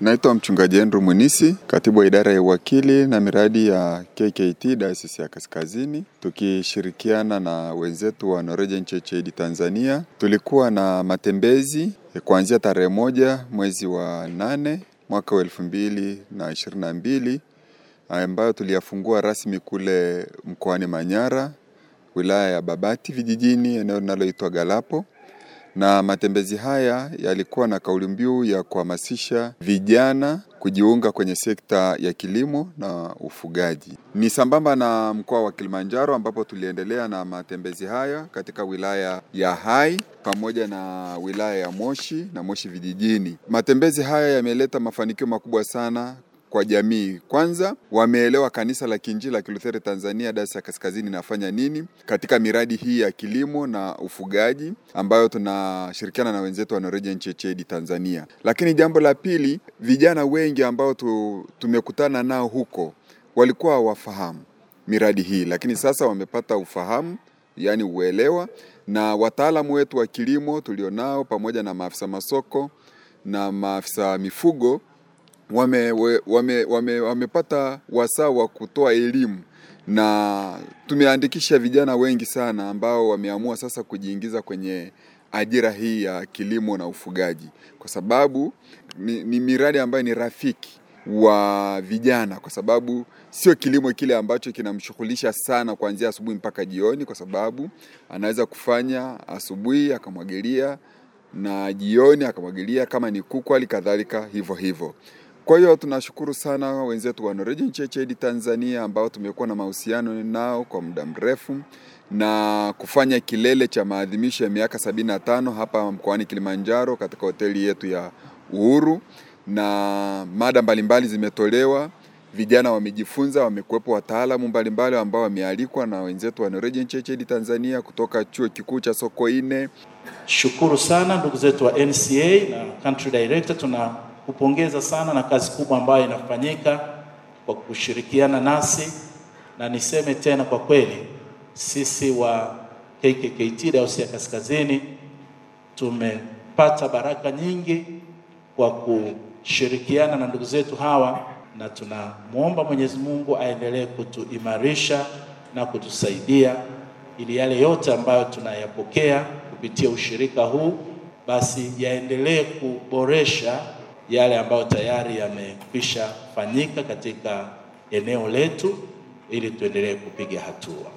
Naitwa mchungaji Andrew Munisi, katibu wa idara ya uwakili na miradi ya KKT Dayosisi ya Kaskazini, tukishirikiana na wenzetu wa Norwegian Church Aid Tanzania. Tulikuwa na matembezi kuanzia tarehe moja mwezi wa nane mwaka wa elfu mbili na ishirini na mbili ambayo tuliyafungua rasmi kule mkoani Manyara, wilaya ya Babati vijijini, eneo linaloitwa Galapo na matembezi haya yalikuwa na kauli mbiu ya kuhamasisha vijana kujiunga kwenye sekta ya kilimo na ufugaji. Ni sambamba na mkoa wa Kilimanjaro ambapo tuliendelea na matembezi haya katika wilaya ya Hai pamoja na wilaya ya Moshi na Moshi vijijini. Matembezi haya yameleta mafanikio makubwa sana kwa jamii. Kwanza wameelewa kanisa la Kiinjili la Kilutheri Tanzania dayosisi ya Kaskazini inafanya nini katika miradi hii ya kilimo na ufugaji ambayo tunashirikiana na wenzetu wa Norwegian Church Aid Tanzania. Lakini jambo la pili, vijana wengi ambao tu, tumekutana nao huko walikuwa wafahamu miradi hii, lakini sasa wamepata ufahamu yaani uelewa, na wataalamu wetu wa kilimo tulionao pamoja na maafisa masoko na maafisa mifugo wamepata wame, wame, wame wasaa wa kutoa elimu na tumeandikisha vijana wengi sana ambao wameamua sasa kujiingiza kwenye ajira hii ya kilimo na ufugaji, kwa sababu ni, ni miradi ambayo ni rafiki wa vijana, kwa sababu sio kilimo kile ambacho kinamshughulisha sana kuanzia asubuhi mpaka jioni, kwa sababu anaweza kufanya asubuhi akamwagilia na jioni akamwagilia, kama ni kuku hali kadhalika hivyo hivyo. Kwa hiyo tunashukuru sana wenzetu wa Norwegian Church Aid Tanzania ambao tumekuwa na mahusiano nao kwa muda mrefu na kufanya kilele cha maadhimisho ya miaka 75 hapa mkoani Kilimanjaro katika hoteli yetu ya Uhuru, na mada mbalimbali zimetolewa, vijana wamejifunza, wamekuwepo wataalamu mbalimbali ambao wamealikwa na wenzetu wa Norwegian Church Aid Tanzania kutoka chuo kikuu cha Sokoine. Shukuru sana ndugu zetu wa NCA na country director, tuna kupongeza sana na kazi kubwa ambayo inafanyika kwa kushirikiana nasi, na niseme tena kwa kweli sisi wa KKKT Dayosisi ya Kaskazini tumepata baraka nyingi kwa kushirikiana na ndugu zetu hawa, na tunamwomba Mwenyezi Mungu aendelee kutuimarisha na kutusaidia ili yale yote ambayo tunayapokea kupitia ushirika huu basi yaendelee kuboresha yale ambayo tayari yamekwisha fanyika katika eneo letu ili tuendelee kupiga hatua.